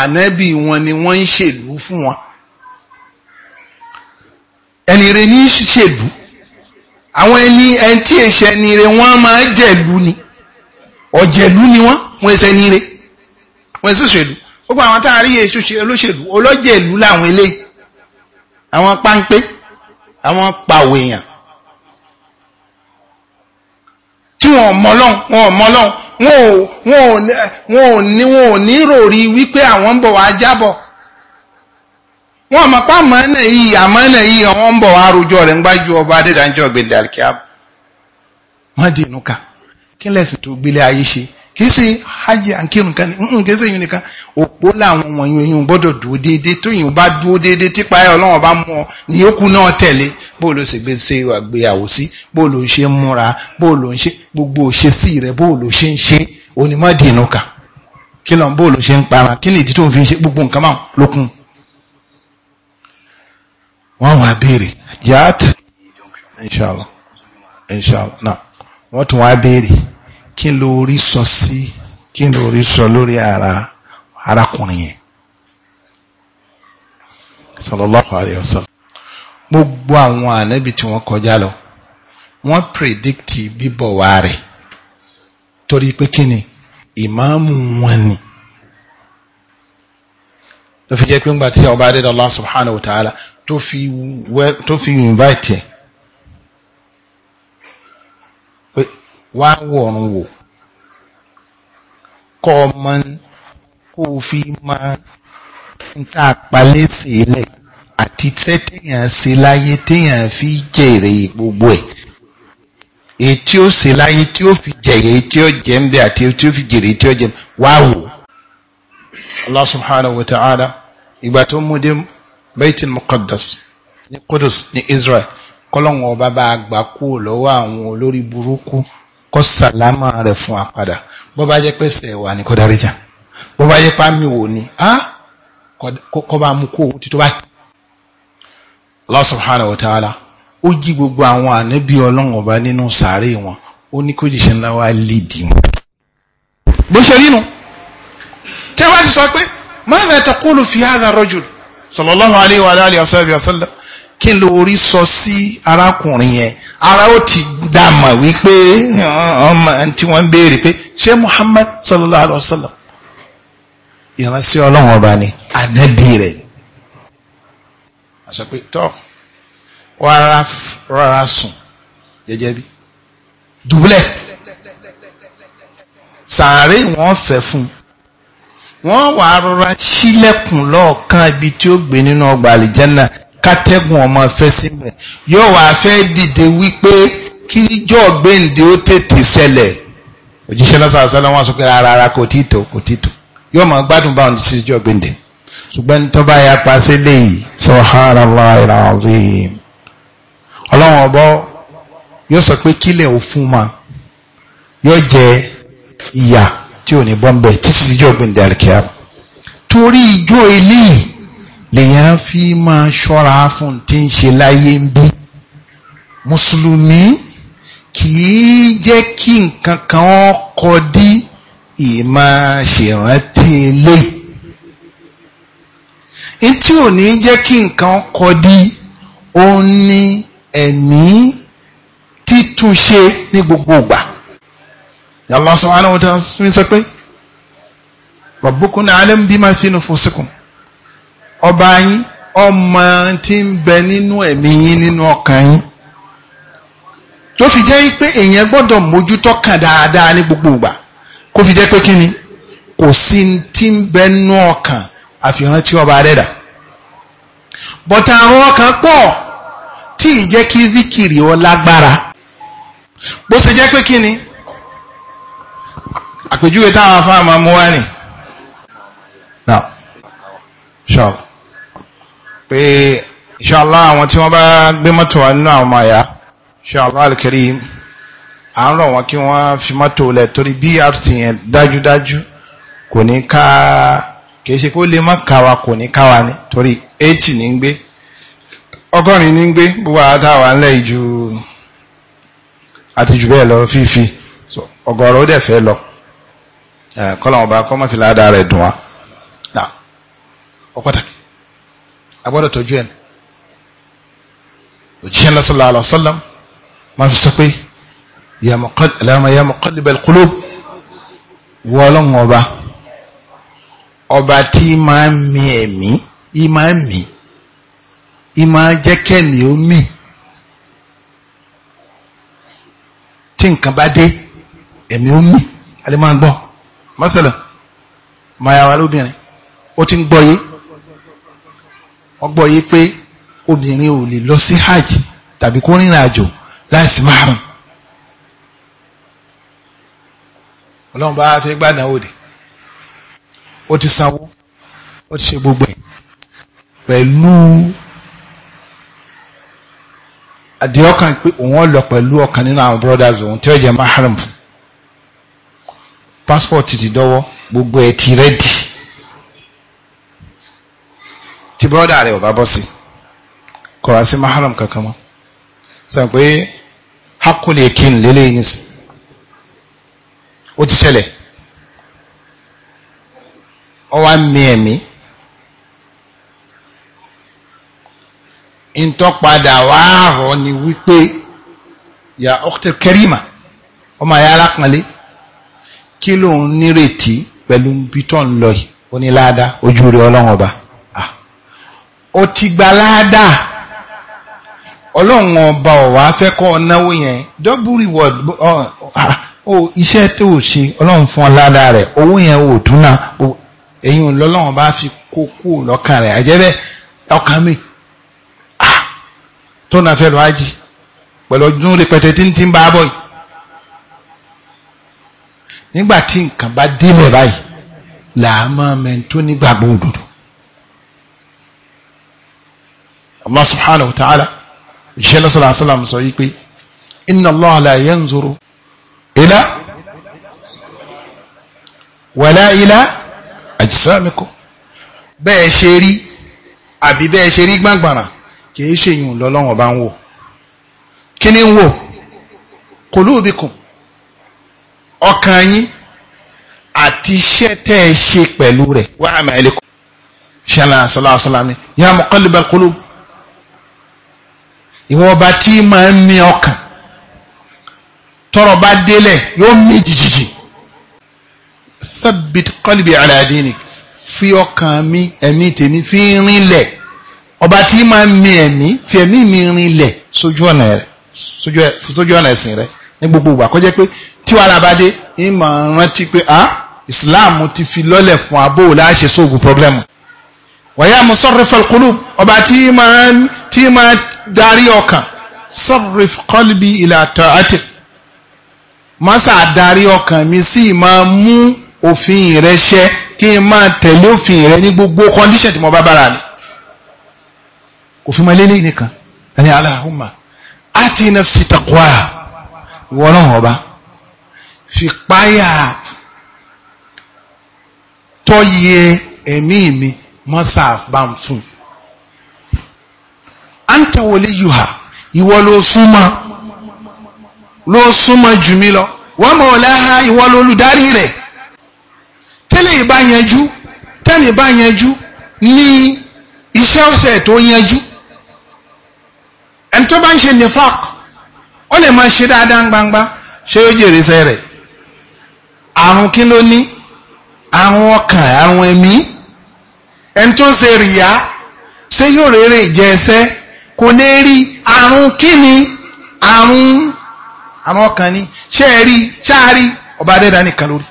ànábì wọn ni wọ́n ń ṣèlú fún wọn ẹni ní ṣèlú àwọn ẹni ẹni tí èṣẹ ni rẹ máa jẹ̀lú ni ọ̀jẹ̀lú ni wọ́n wọ́n ẹsẹ̀ níire wọ́n ẹsẹ̀ òṣèlú gbogbo àwọn tá a rí olóṣèlú olójèlú làwọn eléyìí àwọn páńpé àwọn pàwọ̀ èèyàn tí wọ́n mọ́lọ́n wọ́n mọ́lọ́n wọ́n ò ní wọ́n ò ní ròrí wípé àwọn ń bọ̀ wá jábọ̀ wọ́n mọ̀ pá mọ́nà yìí àmọ́nà yìí àwọn ń bọ̀ wá rojọ́ rẹ̀ ń gbájú ọba adédàjọ́ gbèdàkíá má dínú ká kí lẹ́sìn tó gbélé ayé ṣe kì í ṣe hajj ànkírun kan nǹkan kì í ṣe èyàn nìkan òpó làwọn wọ̀nyí oyún gbọ́dọ̀ dúró déédéé tóyìn bá dúró déédéé típa ẹ̀ ọlọ́run bá mú ọ ní yókù náà tẹ̀lé bó ló ṣe gbé ṣe àgbéyàwó sí bó ló ń ṣe múra bó ló ń ṣe gbogbo rẹ bó ṣe ń ṣe onímọ̀dìnnú kà kí lọ́n bó ṣe ń para kí ni ìdí tó ń fi ṣe gbogbo nǹkan máa lókun. wọ́n wá béèrè jaat inshallah inshallah náà wọ́n tún wá béèrè kí ló rí sọ sí kí ló rí sọ lórí ara arákùnrin yẹn sallallahu alayhi wa sallam gbogbo àwọn ànábì tí wọ́n kọjá lọ wọ́n predict bíbọ̀ wá rẹ̀ torí pé kí ni ìmáàmù wọn ni ló fi jẹ́ pé ńgbà tí ọba adédọ́lá subhanahu wa ta'ala tó fi invite ẹ̀ wa wọ̀run wò kọ́ ọmọ kó o fi máa ń tá a palẹ̀ àti láyé téèyàn fi jèrè gbogbo ẹ̀ èyí ó ṣe láyé tí ó fi jẹ̀yẹ̀ tí ó jẹ́ ń àti fi tí ó wò. Allah subhanahu wa ta'ala ìgbà tó mú dé Israel kọ́lọ́hún ọba bá a gbà kúrò lọ́wọ́ àwọn olórí burúkú kó sàlámà rẹ̀ fún wa padà bó bá jẹ́ pé sẹ̀wà ni kó dárí jà bó bá jẹ́ pé wò ni á kó bá mú kó títú báyìí. Allah subhanahu wa ta'ala ó jí gbogbo àwọn ànábì ọlọ́run ọba nínú sàárè wọn ó ní kó jìṣẹ́ ńlá wa lè dì wọn. bó ṣe rínu tí wọ́n ti sọ pé maza taqulu fi hadha rajul sallallahu alayhi wa alihi wa sallam kí ló rí sọ sí arákùnrin yẹn ara ó ti dá mọ̀ wípé ọmọ tí wọ́n ń béèrè pé ṣé Muhammad sallallahu alayhi wa sallam ìránṣẹ́ ọlọ́run ọba ni ànábì rẹ̀ ni. àṣà pé tọ́ rárá rárá sùn jẹ́jẹ́ bí dùbúlẹ̀ sàárè wọ́n fẹ́ fún wọ́n wàá rọra sílẹ̀kùn lọ́ọ̀kan ibi tí ó gbé nínú ọgbà àlìjẹ́nà kátẹ́gùn ọmọ fẹ́ síbẹ̀ yóò wá fẹ́ dìde wípé kí ijó gbèǹde ó tètè ṣẹlẹ̀ òjíṣẹ́ lọ́sàá sọ́lá wọn sọ pé rárá rárá kò tí tó kò tí tó yóò máa gbádùn báwọn sí ijó gbèǹde ṣùgbọ́n tó bá ya pa sí léyìí subhanallahi alazim ọlọ́run ọbọ yóò sọ pé kílẹ̀ ò fún ma yóò jẹ ìyà tí ò ní bọ́m̀bẹ̀ títí ijó gbèǹde àlùkìyà torí ijó eléyìí lèyàn fi máa ṣọ́ra fún tí ń ṣe láyé ń bí mùsùlùmí kì í jẹ́ kí nǹkan kan ọkọ̀ dí ìmọ̀ ṣèrántí ilé n tí ò ní jẹ́ kí nǹkan ọkọ̀ dí òun ni ẹ̀mí títúnṣe ní gbogbo ìgbà Allah subhanahu wa ta'ala sọ pé rabbukum alim bima fi nufusikum ọba yín ọmọ tí ń bẹ nínú ẹ̀mí yín nínú ọkàn yín tó fi jẹ́ pé èèyàn gbọ́dọ̀ mójútó kàn dáadáa ní gbogbo ìgbà kó fi jẹ́ pé kí ni kò sí tí ń bẹ nínú ọkàn àfihàn tí ọba rẹ̀ dà bọ̀tà àrùn ọkàn pọ̀ tí ì jẹ́ kí zikiri ó lágbára bó ṣe jẹ́ pé kí ni àpèjúwe táwọn afáàmà mú wá nì. sure. pé inshallah àwọn tí wọ́n bá gbé mọ́tò wá nínú àwọn àyà inshallah al à ń rọ̀ wọ́n kí fi mọ́tò lẹ̀ torí BRT yẹn dájúdájú kò ní ká kì í ṣe kó lè má káwa kò ní ni torí eighty ní ń gbé ọgọ́rin ní ń gbé gbogbo àtàwà ńlẹ̀ ìjù àti bẹ́ẹ̀ lọ fífi ọgọ́rọ̀ ó dẹ̀ fẹ́ lọ kọ́mọ́fìlà dára ọ pàtàkì. agbọ́dọ̀ tọ́jú ẹ̀ òjíṣẹ́ ńlá sallallahu alaihi wasallam máa fi sọ pé Allahumma ya muqallibal qulub wọ́ọ́lọ́hún ọba ọba tí máa ń mi ẹ̀mí í máa ń mi í máa jẹ́ kẹ́mi ó mì tí nǹkan bá dé ẹ̀mí ó mì alẹ́ máa gbọ́ mọ́sálà máa yà wá lóbìnrin ó ti ń gbọ́ yìí ọgbọ́ yìí pé obìnrin ò lè lọ sí hajj tàbí kó rìnrìn àjò láìsí mahram ọlọ́run bá fẹ́ gbádùn àwòdì ó ti sanwó ó ti ṣe gbogbo ẹ̀ pẹ̀lú àdìọ́kàn pé òun ó pẹ̀lú ọ̀kan nínú àwọn brothers òun tí ó jẹ́ mahram fún passport ti dọ́wọ́ gbogbo ẹ̀ ti rẹ́dì tí bọ́dà rẹ̀ ò bá bọ́ sí kò wá sí maharam kankan mọ́ sọ pé hakule kin lélẹ́yìn nísìn ó ti ṣẹlẹ̀ ọ wá mi ẹ̀mí ntọ́padà wá ni wípé ya ọ̀kẹ́tẹ̀ kẹrìmà ọmọ ayé alápọ̀nlé kí ló ń nírètí pẹ̀lú bí tó ń ojú rẹ̀ ọlọ́run ọba ó ti gba láàdá ọlọ́run ọba ọ̀wá fẹ́ kọ́ yẹn double reward iṣẹ́ tó o ṣe ọlọ́run fún ọ láàdá rẹ̀ owó yẹn ò dúnà èyí ò lọ́lọ́run bá fi kó kú lọ́kàn rẹ̀ àjẹ́bẹ́ ọkàn mi tó na fẹ́ lọ ájì pẹ̀lú ọdún rẹpẹtẹ tí ń ti ń bá bọ̀ yìí nígbà tí nǹkan bá délẹ̀ báyìí làá máa mẹ́ntó nígbàgbọ́ òdodo. Allah subhanahu wa ta'ala òjíṣẹ́ lọ́sọ̀rọ̀ àṣàlám sọ yí pé inna Allah la yanzuru ila wala ila ajsamikum bẹ́ẹ̀ ṣe rí àbí bẹ́ẹ̀ ṣe rí gbàngbàrà kìí ṣe yùn lọ́lọ́wọ̀n bá ń wò kí ni ń wò kulubikum ọkàn yín àti iṣẹ́ tẹ́ ṣe pẹ̀lú rẹ̀ wa ṣẹlẹ̀ àṣàlá àṣàlámi ìwọ ọba tí máa ń ní ọkàn tọrọ bá délẹ̀ yóò mí jìjìjì thabbit qalbi ala dinik fi ọkàn mi ẹ̀mí tèmi fi rinlẹ̀ ọba tí máa ń mi ẹ̀mí fi ẹ̀mí mi rinlẹ̀ sójú ọ̀nà ẹ̀sìn rẹ̀ ní gbogbo ìgbà kọjá pé tí wàhálà bá dé rántí pé ah Islam ti fi lọ́lẹ̀ fún abó láṣẹ sóògùn pọ́blẹ́mù wàyà musarrif al-qulub ọba tí máa tí máa darí ọkàn sarrif qalbi ila ta'atik masa darí ọkàn mi sí máa mú òfin rẹ ṣẹ kí n máa tẹ̀lé òfin rẹ ní gbogbo kọ́ndíṣẹ̀ tí mo bá bára rẹ òfin máa lélẹ́yìn nìkan ẹni Allahumma ati nafsi taqwaha ìwọ náà ọba fi páyà tọ́yẹ ẹ̀mí mi mọ́sáàf bá ń fún un anta waliyuha ìwọ ló súnmọ́ ló súnmọ́ jù mí lọ wa mawlaha ìwọ lolùdarí rẹ̀ tẹ́lẹ̀ ìbá yanjú tẹ́lẹ̀ ìbá yanjú ní iṣẹ́ ọ̀sẹ̀ tó yanjú ẹni tó bá ń ṣe nifaq ó lè máa ṣe dáadáa gbangba ṣé ó jèrè iṣẹ́ rẹ̀ àrùn kí ló ní àrùn ọkàn àrùn ẹ̀mí ẹni tó ń ṣe rìyà ṣé yóò rèrè jẹ ẹsẹ́ kò lè rí àrùn kíni àrùn àrùn ọkàn ni ṣé ẹ rí ṣáàrí ọba adẹ́dá nìkan lórí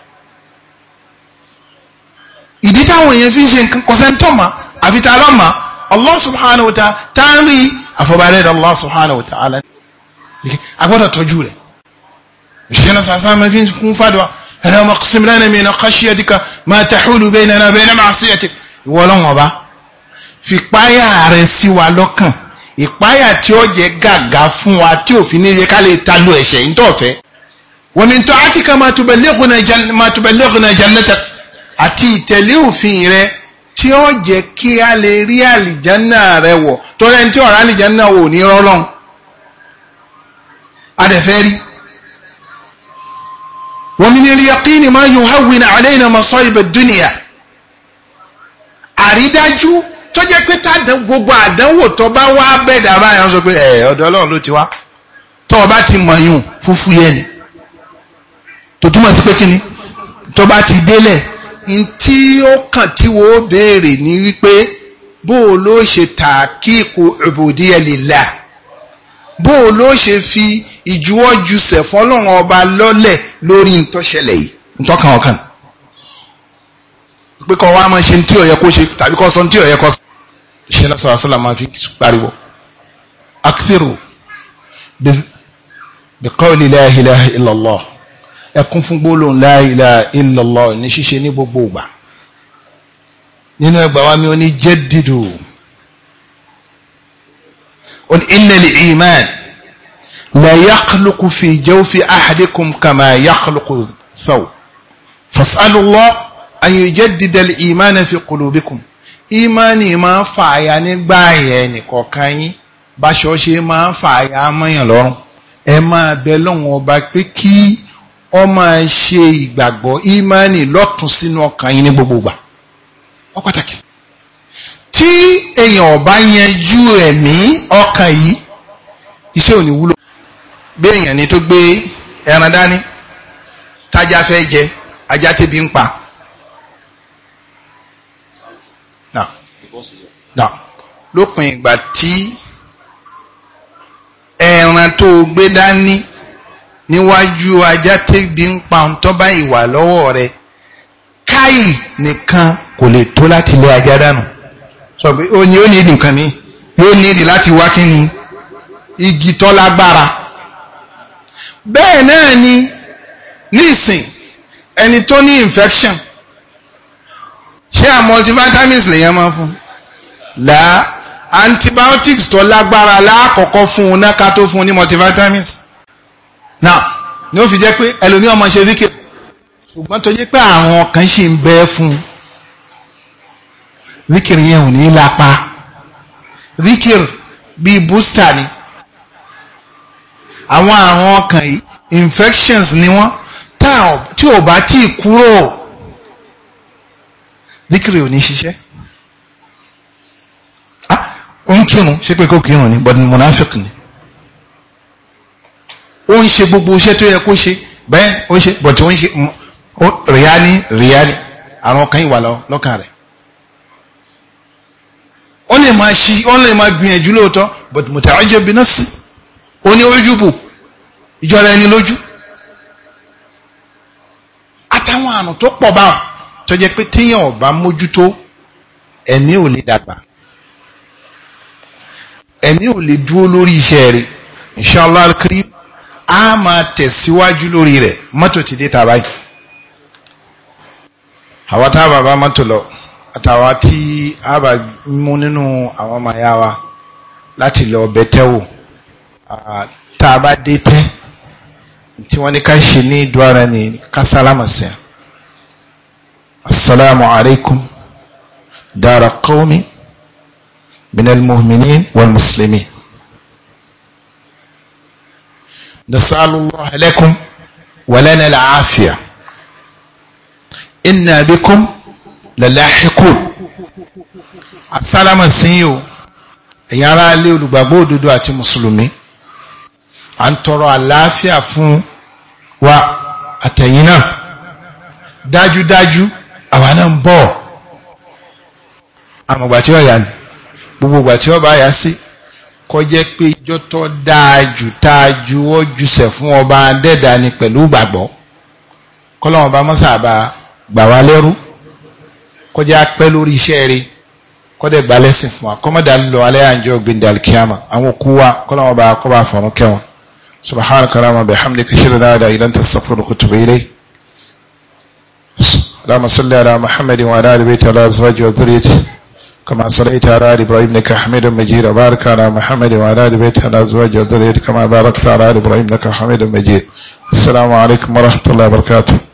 ìdí táwọn èèyàn fi ń ṣe nǹkan kọsẹ́ńtọ́mà àfi tá a lọ́mà Allah subhanahu wa ta'ala tá a ń rí àfọ̀bà adẹ́dá Allah subhanahu wa ta'ala agbọ́dọ̀ tọ́jú rẹ̀ òṣìṣẹ́ náà sàásán máa fi kún fàdùà ẹ̀rọ maqsim lana min khashyatika ma tahulu baynana wa bayna ma'siyatik ìwọ ọlọ́run ọba fìpáyà rẹ̀ sí wa lọ́kàn ìpáyà tí ó jẹ́ gàgà fún wa tí òfin ní yẹ ká lè ta lu ẹ̀ṣẹ̀ yìí tọ̀fẹ́ wa min ta'atika ma tubalighuna jannatak àti ìtẹ̀lé òfin rẹ tí ó jẹ́ kí a lè rí àlìjánná rẹ wọ̀ torí ẹni tí ọ̀rá àlìjánná wò ní rọ́lọ́n adẹ̀fẹ́ rí wa min al-yaqini ma yuhawwinu alayna masa'ib ad-dunya àrídájú tó jẹ́ pé tádàn gbogbo àdánwò tó bá wá bẹ̀dà báyà ń sọ pé ẹ̀ ọ̀dọ̀ ọlọ́run ló ti wá tó o bá ti mọ̀yún fúfú yẹn ni tó túmọ̀ sí pé kí ni tó bá ti délẹ̀ n tí ó kàn tí wo béèrè ni wípé bó o ló ṣe tàkíkù ubudiyya lillah bó o ló ṣe fi ìjuwọ́jusẹ̀ fọlọ́run ọba lọ́lẹ̀ lórí ntọ́ṣẹlẹ̀ yìí ntọ́kàn pé kọ́ wa máa ṣe ní tí ò yẹ kó ṣe tàbí kọ́ sọ ní tí ò sọ ìṣẹlẹ sàlásàlà máa fi pariwo akiru bikọ́ọ̀lì la ilaha illallah ẹkún fún gbólóhùn la ilaha illallah ní ṣíṣe ní gbogbo ìgbà nínú ẹgbà wa mi ó ní jẹ́dìdò ó ní innal iman la yakhluqu fi jawfi ahadikum kama yakhluqu saw fasalullah an yujaddida al iman fi qulubikum ìmánì máa ń fà ya nígbà yẹn nìkọ̀ọ̀kan yín báṣọ ṣe máa ń fà ya mọ́yàn lọ́rùn ẹ máa bẹ lọ́wọ́n ọba pé kí ọ máa ṣe ìgbàgbọ́ ìmánì lọ́tún sínú ọkàn yín ní gbogbo ìgbà ó pàtàkì tí èèyàn ọba yanjú ẹ̀mí ọkàn yìí iṣẹ́ ò ní wúlò bí èèyàn ni tó gbé ẹran dání tájá fẹ́ jẹ ajá tẹ́bi ń pa dà lópin ìgbà tí ẹran tó o gbé dání níwájú ajá tẹ́bi ń pa ohun tó bá ìwà lọ́wọ́ rẹ káyì nìkan kò lè tó láti lé ajá dànù sọ pé ó ní ó ní ìdí mi yóò ní ìdí láti wá kí ni igi tó lágbára bẹ́ẹ̀ náà ni nísìn ẹni tó ní infection ṣé àwọn multivitamins lèèyàn máa fún un La antibiotics tó lágbára láàkọ́kọ́ fún un náà ká tó fún un ní multivitamins now ní ó fi jẹ́ pé ẹlòmíì ọmọ ṣe zikir ṣùgbọ́n tó jẹ́ pé àwọn kan ṣì ń bẹ fún un zikir yẹn ò ní lápá zikir bíi booster ni àwọn àrùn ọkàn yìí infections ni wọ́n tí ò bá tí kúrò zikir ò ní ṣiṣẹ́ ó ń kírun ṣé pé kó kírun ni but monafik ni ó ń ṣe gbogbo iṣẹ́ tó yẹ kó ṣe bẹ́ẹ̀ ó ń ṣe but ó ń ṣe rìá ní rìá ní àwọn kan ìwà lọ́kàn rẹ̀ ó lè máa ṣi ó lè máa gbìyànjú lóòótọ́ but muta'ajjab bi nafsi ó ní ojú bò ìjọra ẹni lójú àtàwọn àrùn tó pọ̀ báwọn tó jẹ́ pé téèyàn ò mójútó ẹ̀mí ò lè dàgbà ẹ̀mí ò lè dúró lórí iṣẹ́ rẹ̀ inshallah al-karim a máa tẹ̀síwájú lórí rẹ̀ mọ́tò ti dé ta báyìí àwọn tá a bàbá mọ́tò lọ àtàwọn tí a bá mú nínú àwọn ọmọ ẹ̀yà wa láti lọ bẹ̀tẹ̀ wò tá a bá dé tẹ́ tí wọ́n ní ká ṣe ní ìdúrà ní ká sálámà sí i asalaamualeykum dara qawmi. من mu'minin wal muslimin nasalullah lakum wa lana al-afiya inna bikum lalahiqun asalama sinyo ẹ̀yin ará ilé olùgbàgbọ́ òdodo àti mùsùlùmí à ń tọrọ àlàáfíà fún wa àtẹ̀yìn náà dájúdájú àwa náà ń bọ̀ àmọ̀gbà tí ó yà ni gbogbo ìgbà tí ọba yà sí kó jẹ́ pé ijọ́ tó dáa jù tá a ju ọ́ jùsẹ̀ fún ọba adẹ́dà ni pẹ̀lú gbàgbọ́ kọ́lọ́wọ́n bá mọ́sà bá gbà wá lẹ́rú kó jẹ́ apẹ́ lórí iṣẹ́ rẹ̀ kó dẹ̀ gbà lẹ́sìn fún wa kọ́mọ́dà ń lọ alẹ́ àjọ gbendal kíámà àwọn òkú wa kọ́lọ́wọ́n bá kọ́ bá fọ̀rún kẹwọn subhanaka allahumma bihamdika ashhadu an la ilaha illa anta astaghfiruka wa atubu ilayk اللهم صل على محمد وعلى ال بيته وعلى ازواجه وذريته كما صليت على آل إبراهيم إنك حميد مجيد وبارك على محمد وعلى آل بيته الأزواج أزواج وذريته كما باركت على آل إبراهيم إنك حميد مجيد السلام عليكم ورحمة الله وبركاته